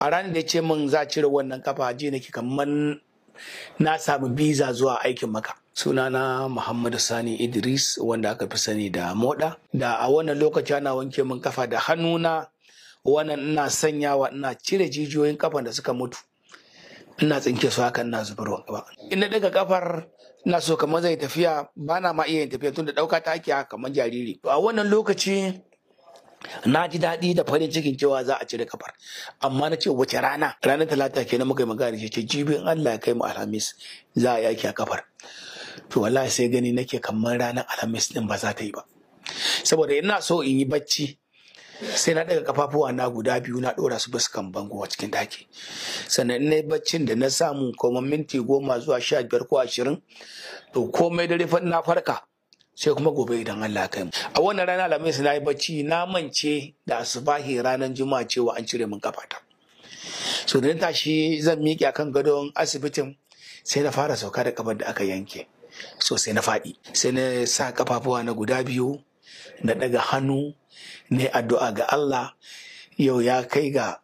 a ranar da ya ce min za cire wannan kafa ji nake kamar na samu biza zuwa aikin maka sunana muhammadu sani idris wanda aka fi sani da moda da a wannan lokaci ana wanke min kafa da hannuna wannan ina sanyawa ina cire jijiyoyin kafan da suka mutu ina tsinke su haka ina zubarwa ba ina daga kafar ina so kamar zai tafiya ba na ma iya yin tafiya tun da ɗauka ta ake kamar jariri a wannan lokaci na ji daɗi da farin cikin cewa za a cire kafar amma na ce wace rana ranar talata kenan muka yi magana shi ce jibin Allah ya kai mu alhamis za a yaki a kafar to wallahi sai gani nake kamar ranar alhamis din ba za ta yi ba saboda ina so in yi bacci sai na daga kafafuwa na guda biyu na ɗora su fuskan bango a cikin daki sannan na baccin da na samu kuma minti goma zuwa sha biyar ko ashirin to komai dare na farka sai kuma gobe idan Allah kai mu a wannan rana alhamis na yi bacci na mance da asubahi ranar juma'a cewa an cire min kafata so da tashi zan miƙe kan gadon asibitin sai na fara sauka da kafar da aka yanke so sai na faɗi sai na sa kafafuwa na guda biyu na ɗaga hannu ne addu'a ga Allah yau ya kai ga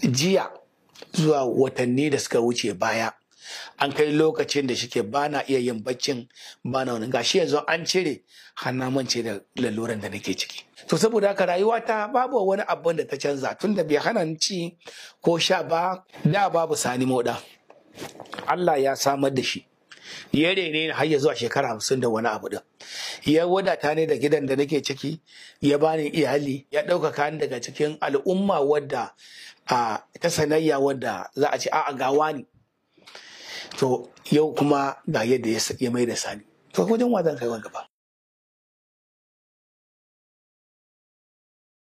jiya zuwa watanni da suka wuce baya an kai lokacin da shike ba na iya yin baccin ba na wani gashi yanzu an cire hana ce da laluran da nake ciki to saboda haka rayuwa ta babu wani abin da ta canza tun da bai hana ci ko sha ba da babu sani moda Allah ya samar da shi ya rene har ya zuwa shekara hamsin da wani abu ɗin. ya wadata ne da gidan da nake ciki ya bani iyali ya ɗaukaka ni daga cikin al'umma wadda ta sanayya wadda za a ce a'a gawa ne to yau kuma ga yadda ya mai da sani to wajen wa zan kai wani gaba